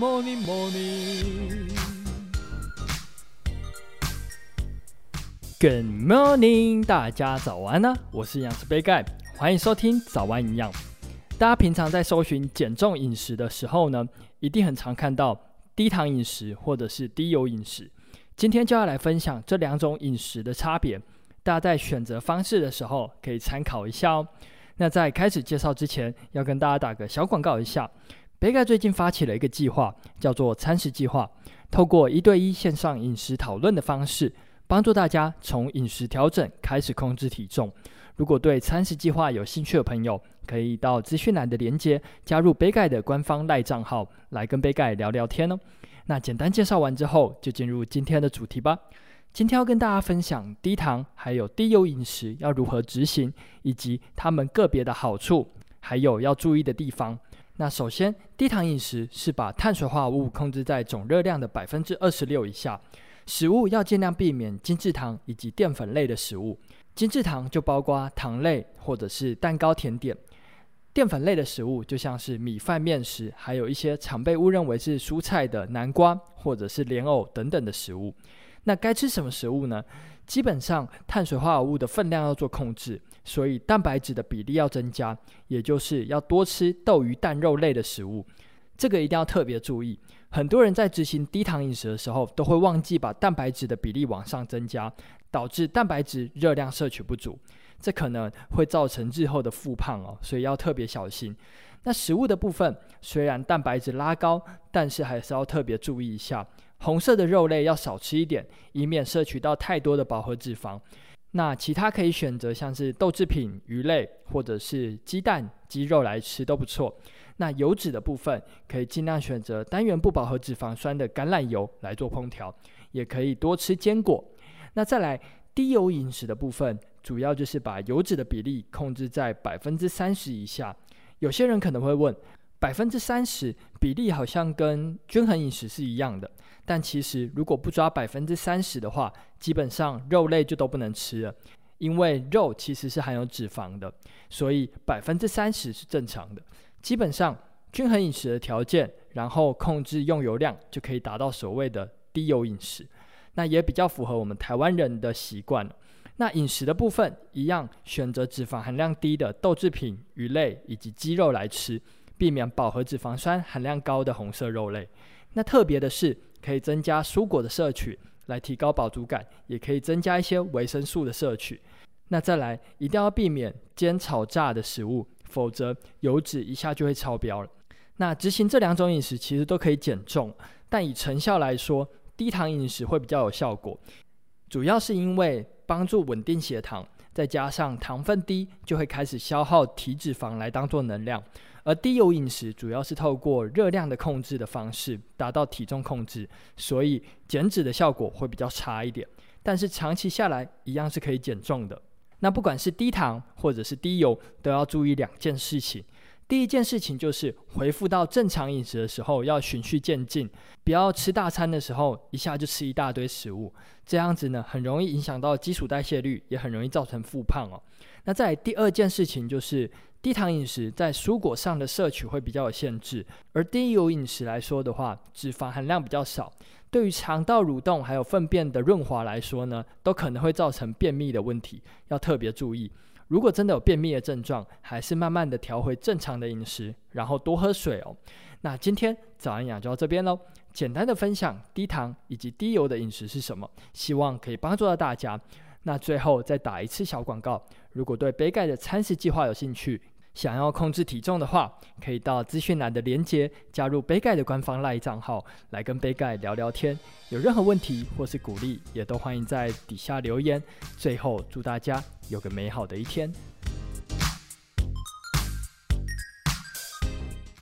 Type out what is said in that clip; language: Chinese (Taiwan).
Morning, morning. Good morning, Good morning 大家早安呢、啊！我是營養師杯蓋，歡迎收聽早安營養。大家平常在搜尋減重飲食的時候呢，一定很常看到低醣飲食或者是低油飲食。今天就要來分享這兩種飲食的差別，大家在選擇方式的時候可以參考一下哦。那在開始介紹之前，要跟大家打個小廣告一下。杯蓋最近發起了一個計劃，叫做餐食計劃，透過一對一線上飲食討論的方式，幫助大家從飲食調整開始控制體重。如果對餐食計劃有興趣的朋友，可以到資訊欄的連接加入杯蓋的官方賴賬號，來跟杯蓋聊聊天哦。那簡單介紹完之後，就進入今天的主題吧。今天要跟大家分享低醣還有低油飲食要如何執行，以及他們個別的好處，還有要注意的地方。那首先，低醣飲食是把碳水化合物控制在總熱量的百分之二十六以下，食物要盡量避免精製糖以及澱粉類的食物。精製糖就包括糖類或者是蛋糕甜點，澱粉類的食物就像是米飯、麵食，還有一些常被誤認為是蔬菜的南瓜或者是蓮藕等等的食物。那該吃什麼食物呢？基本上碳水化合物的分量要做控制，所以蛋白質的比例要增加，也就是要多吃豆、魚、蛋、肉類的食物。這個一定要特別注意。很多人在執行低醣飲食的時候，都會忘記把蛋白質的比例往上增加，導致蛋白質熱量攝取不足，這可能會造成日後的復胖哦。所以要特別小心。那食物的部分，雖然蛋白質拉高，但是還是要特別注意一下。紅色的肉類要少吃一點，以免攝取到太多的飽和脂肪。那其他可以選擇像是豆制品、魚類或者是雞蛋、雞肉來吃都不錯。那油脂的部分可以盡量選擇單元不飽和脂肪酸的橄欖油來做烹調，也可以多吃堅果。那再來低油飲食的部分，主要就是把油脂的比例控制在百分之三十以下。有些人可能會問，百分之三十比例好像跟均衡飲食是一樣的，但其實如果不抓百分之三十的話，基本上肉類就都不能吃了，因為肉其實是含有脂肪的，所以百分之三十是正常的。基本上均衡飲食的條件，然後控制用油量，就可以達到所謂的低油飲食。那也比較符合我們台灣人的習慣。那飲食的部分一樣，選擇脂肪含量低的豆製品、魚類以及雞肉來吃。避免飽和脂肪酸含量高的紅色肉類。那特別的是，可以增加蔬果的攝取，來提高飽足感，也可以增加一些維生素的攝取。那再來，一定要避免煎炒炸的食物，否則油脂一下就會超標了。那執行這兩種飲食，其實都可以減重，但以成效來說，低醣飲食會比較有效果，主要是因為幫助穩定血糖。再加上醣分低，就會開始消耗體脂肪來當做能量。而低油飲食主要是透過熱量的控制的方式達到體重控制，所以減脂的效果會比較差一點，但是長期下來一樣是可以減重的。那不管是低醣或者是低油，都要注意兩件事情。第一件事情就是恢復到正常飲食的時候要循序漸進，不要吃大餐的時候一下就吃一大堆食物，這樣子呢很容易影響到基礎代謝率，也很容易造成復胖哦。那在第二件事情就是低醣飲食在蔬果上的攝取會比較有限制，而低油飲食來說的話，脂肪含量比較少，對於腸道蠕動還有糞便的潤滑來說呢，都可能會造成便秘的問題，要特別注意。如果真的有便秘的症狀，還是慢慢的調回正常的飲食，然後多喝水哦。那今天早安營養就到這邊嘍，簡單的分享低醣以及低油的飲食是什麼，希望可以幫助到大家。那最後再打一次小廣告，如果對杯蓋的餐食計劃有興趣。想要控制體重的話，可以到資訊欄的連接加入杯蓋的官方 LINE 賬號，來跟杯蓋聊聊天。有任何問題或是鼓勵，也都歡迎在底下留言。最後，祝大家有個美好的一天。